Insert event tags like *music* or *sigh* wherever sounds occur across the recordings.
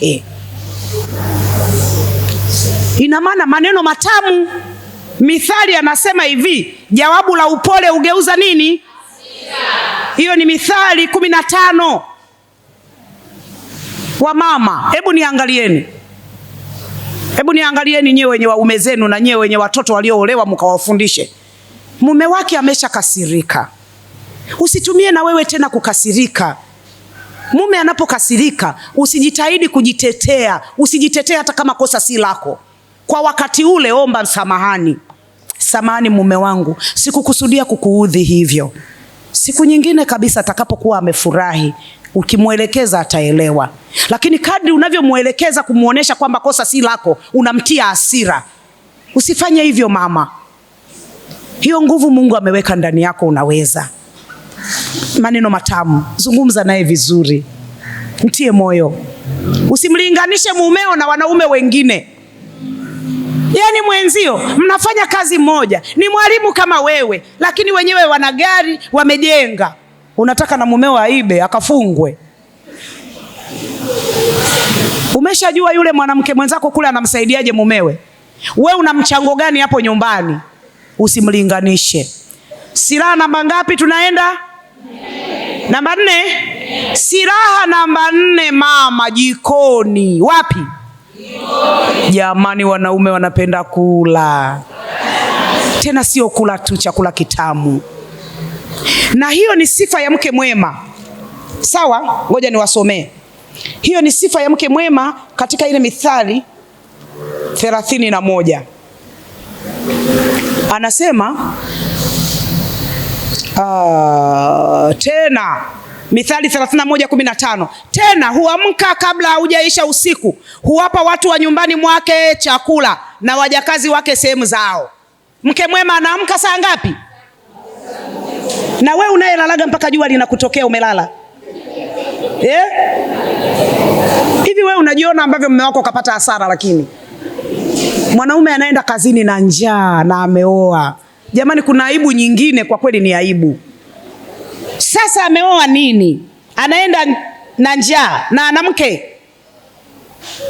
yake. Ina maana maneno matamu. Mithali anasema hivi, jawabu la upole ugeuza nini? Hiyo ni Mithali kumi na tano. Wamama, hebu niangalieni, hebu niangalieni nyewe wenye waume zenu na nyewe wenye watoto walioolewa, mkawafundishe mume wake ameshakasirika, usitumie na wewe tena kukasirika. Mume anapokasirika usijitahidi kujitetea, usijitetea hata kama kosa si lako. Kwa wakati ule omba msamahani, samahani mume wangu, sikukusudia kukuudhi hivyo. Siku nyingine kabisa atakapokuwa amefurahi ukimwelekeza ataelewa, lakini kadri unavyomwelekeza kumwonyesha kwamba kosa si lako, unamtia hasira. Usifanye hivyo mama, hiyo nguvu Mungu ameweka ndani yako, unaweza maneno matamu, zungumza naye vizuri, mtie moyo, usimlinganishe mumeo na wanaume wengine. yani mwenzio, mnafanya kazi moja, ni mwalimu kama wewe, lakini wenyewe wana gari, wamejenga. Unataka na mumeo aibe akafungwe? Umeshajua yule mwanamke mwenzako kule anamsaidiaje mumewe? We una mchango gani hapo nyumbani? Usimlinganishe. Silaha namba ngapi tunaenda? Namba nne, silaha namba nne, mama jikoni. Wapi? Jamani, wanaume wanapenda kula tena, sio kula tu chakula kitamu, na hiyo ni sifa ya mke mwema. Sawa, ngoja niwasomee. Hiyo ni sifa ya mke mwema katika ile Mithali thelathini na moja anasema Ah, tena Mithali 31:15 tena huamka kabla hujaisha usiku, huwapa watu wa nyumbani mwake chakula na wajakazi wake sehemu zao. Mke mwema anaamka saa ngapi? Na we unayelalaga mpaka jua linakutokea umelala eh? Hivi we unajiona ambavyo mume wako kapata hasara, lakini mwanaume anaenda kazini na njaa na ameoa Jamani, kuna aibu nyingine, kwa kweli ni aibu. Sasa ameoa nini? Anaenda na njaa na ana mke.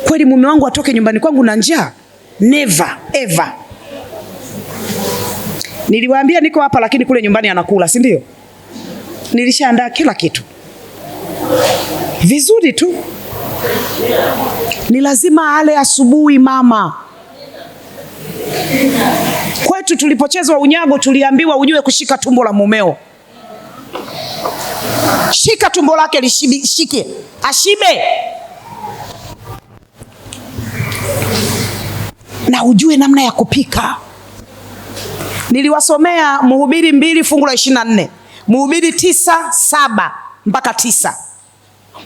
Kweli mume wangu atoke nyumbani kwangu na njaa? Never ever. Niliwaambia niko hapa, lakini kule nyumbani anakula, si ndio? Nilishaandaa kila kitu vizuri tu, ni lazima ale asubuhi mama Kwetu tulipochezwa unyago, tuliambiwa ujue kushika tumbo la mumeo, shika tumbo lake lishike, ashibe na ujue namna ya kupika. Niliwasomea Mhubiri mbili fungu la ishirini na nne Mhubiri tisa saba mpaka tisa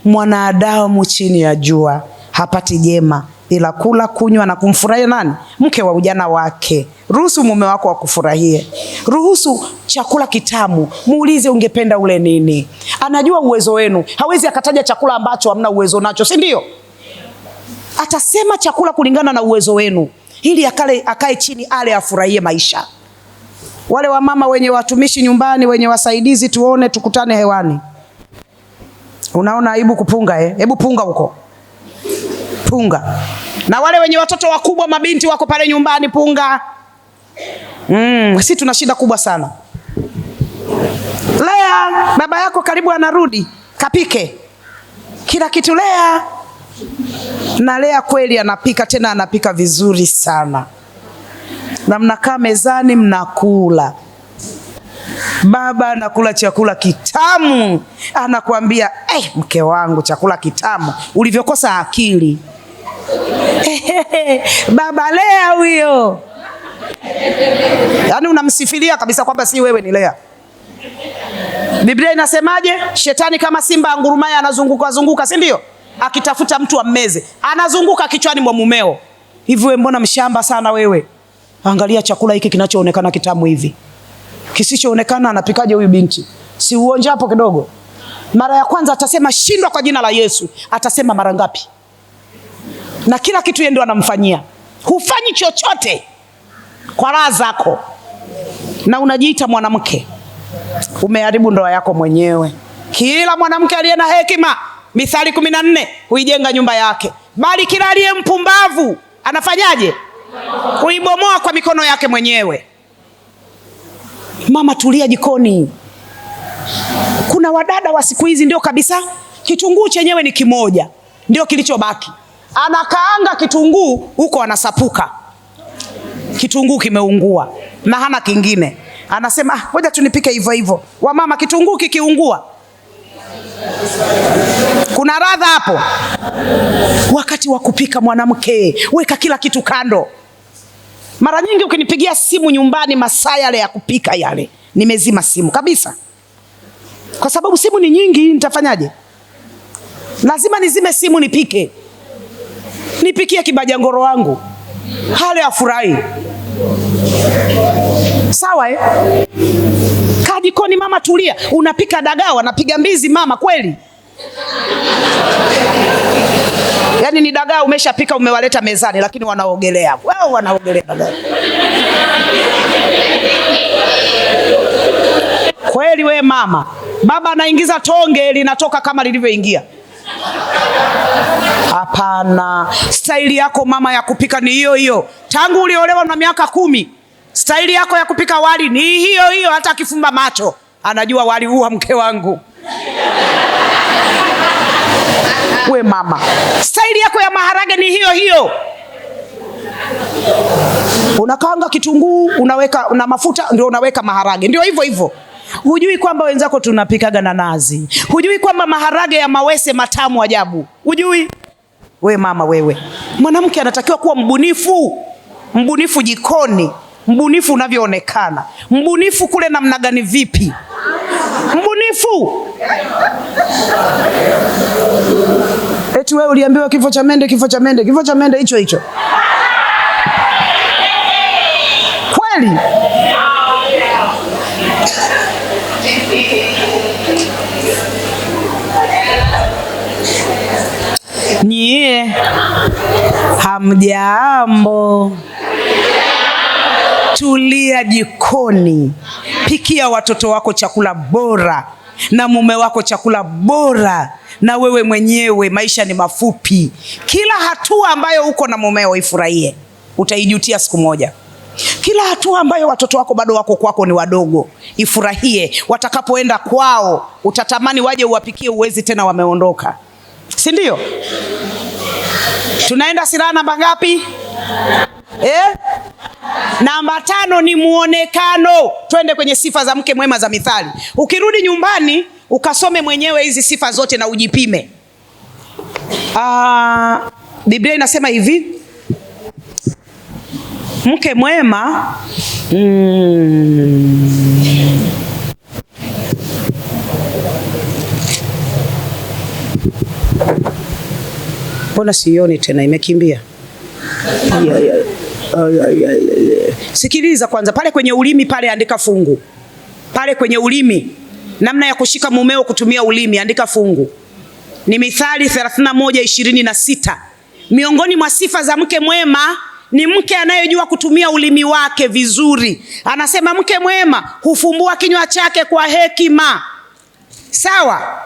Mwanadamu chini ya jua hapati jema ila kula, kunywa na kumfurahia nani? Mke wa ujana wake. Ruhusu mume wako akufurahie, ruhusu chakula kitamu, muulize ungependa ule nini. Anajua uwezo wenu, hawezi akataja chakula ambacho hamna uwezo nacho, si ndio? Atasema chakula kulingana na uwezo wenu, ili akale, akae chini ale, afurahie maisha. Wale wamama wenye watumishi nyumbani, wenye wasaidizi, tuone tukutane hewani. Unaona aibu kupunga eh? Hebu punga huko, punga. Na wale wenye watoto wakubwa, mabinti wako pale nyumbani, punga. Mm, si tuna shida kubwa sana. Lea, baba yako karibu anarudi, kapike kila kitu Lea. Na Lea kweli anapika, tena anapika vizuri sana, na mnakaa mezani mnakula. Baba anakula chakula kitamu, anakuambia eh, mke wangu, chakula kitamu ulivyokosa akili. *laughs* Baba Lea huyo. Yaani unamsifilia kabisa kwamba si wewe ni Lea. Biblia inasemaje? Shetani kama simba angurumaye anazunguka zunguka, si ndio? Akitafuta mtu ammeze, anazunguka kichwani mwa mumeo. Hivi wewe, mbona mshamba sana wewe? Angalia chakula hiki kinachoonekana kitamu hivi, kisichoonekana anapikaje huyu binti? Si uonje hapo kidogo? Mara ya kwanza atasema shindwa kwa jina la Yesu, atasema mara ngapi? Na kila kitu yeye ndio anamfanyia, hufanyi chochote kwa raha zako na unajiita mwanamke, umeharibu ndoa yako mwenyewe. Kila mwanamke aliye na hekima, Mithali kumi na nne, huijenga nyumba yake, bali kila aliye mpumbavu anafanyaje? Kuibomoa kwa mikono yake mwenyewe. Mama tulia jikoni. Kuna wadada wa siku hizi ndio kabisa, kitunguu chenyewe ni kimoja, ndio kilichobaki. Anakaanga kitunguu huko anasapuka kitunguu kimeungua na hana kingine, anasema ah, ngoja tunipike hivyo hivyo. Wamama, kitunguu kikiungua kuna radha hapo. Wakati wa kupika, mwanamke, weka kila kitu kando. Mara nyingi ukinipigia simu nyumbani masaa yale ya kupika yale, nimezima simu kabisa, kwa sababu simu ni nyingi. Nitafanyaje? Lazima nizime simu nipike, nipikie kibajangoro wangu hali furahi Sawa eh? kajikoni mama, tulia. Unapika dagaa, wanapiga mbizi mama, kweli? Yaani ni dagaa umeshapika, umewaleta mezani, lakini wanaogelea wao, wanaogelea dagaa kweli. We mama, baba anaingiza tonge linatoka kama lilivyoingia. Hapana, staili yako mama ya kupika ni hiyo hiyo tangu uliolewa na miaka kumi. Staili yako ya kupika wali ni hiyo hiyo, hata akifumba macho anajua wali huu wa mke wangu. We mama, staili yako ya maharage ni hiyo hiyo, unakaanga kitunguu, unaweka na mafuta, ndio unaweka maharage, ndio hivyo hivyo. Hujui kwamba wenzako tunapikaga na nazi? Hujui kwamba maharage ya mawese matamu ajabu? Hujui we mama wewe? Mwanamke anatakiwa kuwa mbunifu, mbunifu jikoni, mbunifu unavyoonekana, mbunifu kule namna gani, vipi mbunifu eti wewe uliambiwa kifo cha mende, kifo cha mende, kifo cha mende hicho hicho kweli? Nyie hamjambo? Tulia jikoni, pikia watoto wako chakula bora na mume wako chakula bora, na wewe mwenyewe. Maisha ni mafupi, kila hatua ambayo uko na mumeo ifurahie, utaijutia siku moja. Kila hatua ambayo watoto wako bado wako kwako ni wadogo, ifurahie. Watakapoenda kwao, utatamani waje uwapikie, uwezi tena, wameondoka, si ndio? Tunaenda silaha namba ngapi? Eh? Namba tano ni muonekano. Twende kwenye sifa za mke mwema za Mithali. Ukirudi nyumbani ukasome mwenyewe hizi sifa zote na ujipime. Aa, ah, Biblia inasema hivi mke mwema mm, mbona sioni tena, imekimbia. Sikiliza kwanza, pale kwenye ulimi pale andika fungu pale kwenye ulimi, namna ya kushika mumeo kutumia ulimi, andika fungu. Ni Mithali 31:26. Miongoni mwa sifa za mke mwema ni mke anayejua kutumia ulimi wake vizuri. Anasema mke mwema hufumbua kinywa chake kwa hekima. Sawa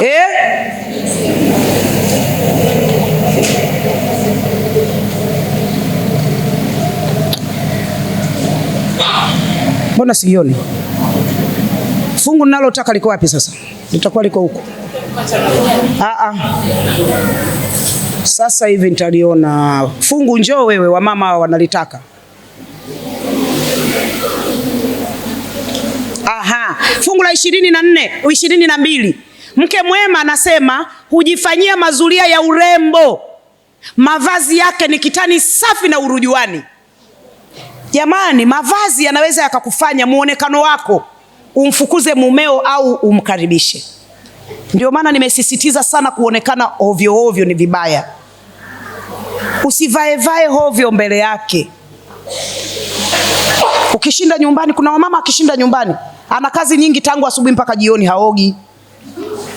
eh? Mbona sioni fungu nalotaka liko wapi? Sasa litakuwa liko huko. Ah, ah sasa hivi nitaliona. Fungu njoo wewe, wamama wanalitaka. Aha, fungu la ishirini na nne ishirini na mbili mke mwema anasema hujifanyia mazulia ya urembo, mavazi yake ni kitani safi na urujuani. Jamani, mavazi yanaweza yakakufanya muonekano wako umfukuze mumeo au umkaribishe. Ndio maana nimesisitiza sana kuonekana ovyo ovyo ni vibaya. Usivaevae hovyo mbele yake. Ukishinda nyumbani, kuna wamama akishinda nyumbani ana kazi nyingi tangu asubuhi mpaka jioni, haogi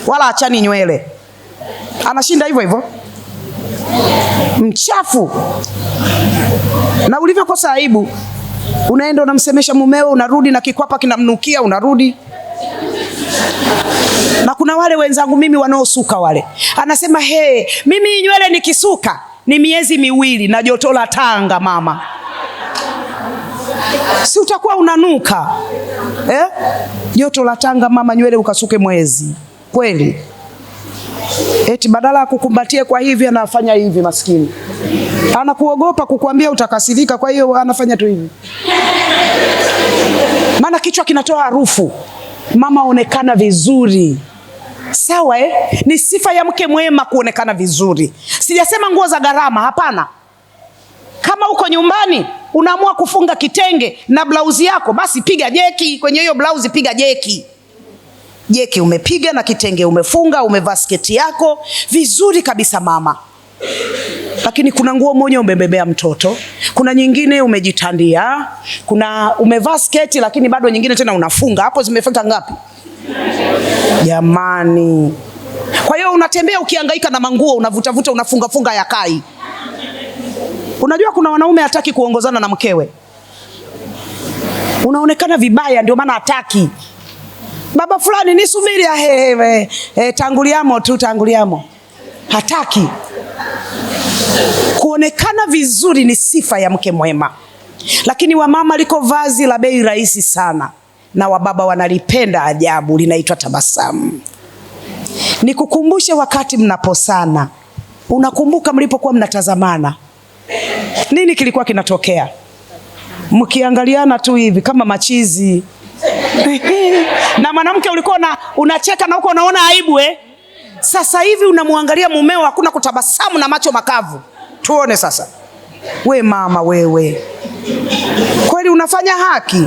wala achani nywele, anashinda hivyo hivyo mchafu. Na ulivyokosa aibu, unaenda unamsemesha mumeo, unarudi na kikwapa kinamnukia, unarudi na kuna wale wenzangu mimi wanaosuka wale, anasema he, mimi nywele nikisuka ni miezi miwili na joto la Tanga mama, si utakuwa unanuka eh? Joto la Tanga mama, nywele ukasuke mwezi kweli? Eti badala ya kukumbatia kwa hivi anafanya hivi, maskini anakuogopa kukuambia utakasirika, kwa hiyo anafanya tu hivi, maana kichwa kinatoa harufu mama, onekana vizuri sawa, eh? Ni sifa ya mke mwema kuonekana vizuri. Sijasema nguo za gharama, hapana. Kama uko nyumbani unaamua kufunga kitenge na blauzi yako, basi piga jeki kwenye hiyo blauzi, piga jeki jeki umepiga na kitenge umefunga, umevaa sketi yako vizuri kabisa mama. Lakini kuna nguo moja umebebea mtoto, kuna nyingine umejitandia, kuna umevaa sketi, lakini bado nyingine tena unafunga. Hapo zimefika ngapi jamani? Kwa hiyo unatembea ukihangaika na manguo, unavutavuta, unafungafunga ya kai. Unajua kuna wanaume hataki kuongozana na mkewe, unaonekana vibaya, ndio maana hataki baba fulani nisubiri, ah, eh, eh, eh, tanguliamo tu, tanguliamo, hataki Kuonekana vizuri ni sifa ya mke mwema, lakini wamama liko vazi la bei rahisi sana, na wababa wanalipenda ajabu, linaitwa tabasamu. Nikukumbushe wakati mnaposana, unakumbuka mlipokuwa mnatazamana, nini kilikuwa kinatokea? Mkiangaliana tu hivi kama machizi *laughs* na mwanamke ulikuwa unacheka na huko unaona aibu eh? Sasa hivi unamwangalia mumeo, hakuna kutabasamu na macho makavu. Tuone sasa, we mama wewe, kweli unafanya haki?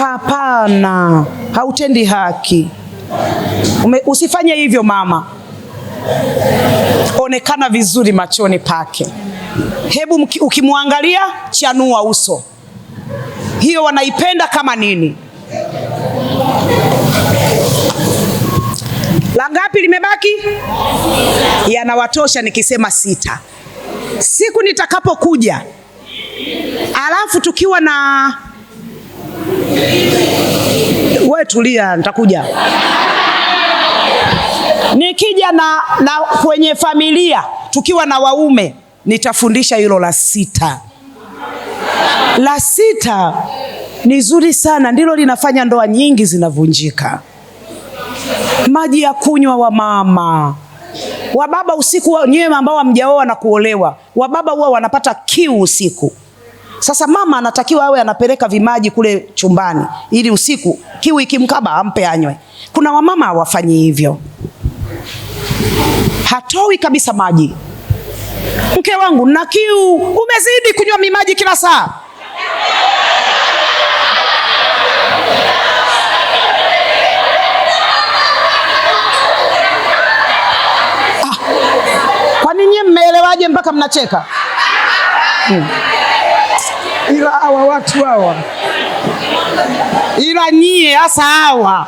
Hapana, hautendi haki. Ume, usifanye hivyo mama, onekana vizuri machoni pake. Hebu ukimwangalia, chanua uso. Hiyo wanaipenda kama nini? Langapi limebaki? Yanawatosha nikisema sita. Siku nitakapokuja, alafu tukiwa na we, tulia, nitakuja nikija na, na kwenye familia tukiwa na waume nitafundisha hilo la sita. La sita ni zuri sana, ndilo linafanya ndoa nyingi zinavunjika maji ya kunywa wa mama wababa usiku nyewe ambao wamjaoa na kuolewa, wababa huwa wanapata kiu usiku. Sasa mama anatakiwa awe anapeleka vimaji kule chumbani, ili usiku kiu ikimkaba ampe anywe. Kuna wamama hawafanyi hivyo, hatoi kabisa maji. Mke wangu na kiu, umezidi kunywa mimaji kila saa mnafanyaje mpaka mnacheka? hmm. Ila hawa watu hawa, ila nyie hasa hawa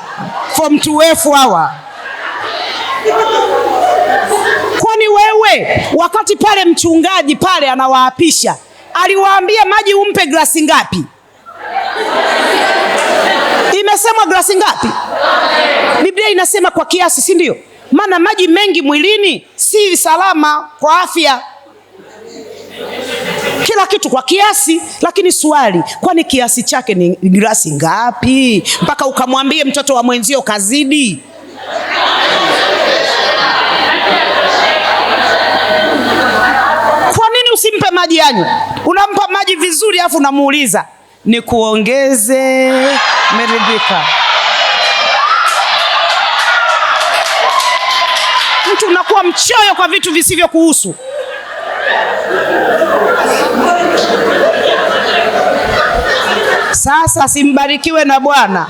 form 2F hawa kwani wewe, wakati pale mchungaji pale anawaapisha aliwaambia maji umpe glasi ngapi? Imesemwa glasi ngapi? Biblia inasema kwa kiasi, si ndio? maana maji mengi mwilini si salama kwa afya. Kila kitu kwa kiasi, lakini swali, kwani kiasi chake ni glasi ngapi mpaka ukamwambie mtoto wa mwenzio kazidi? Kwa nini usimpe maji yanywe? Unampa maji vizuri, alafu unamuuliza nikuongeze, meridhika. mtu unakuwa mchoyo kwa vitu visivyokuhusu. Sasa simbarikiwe na Bwana.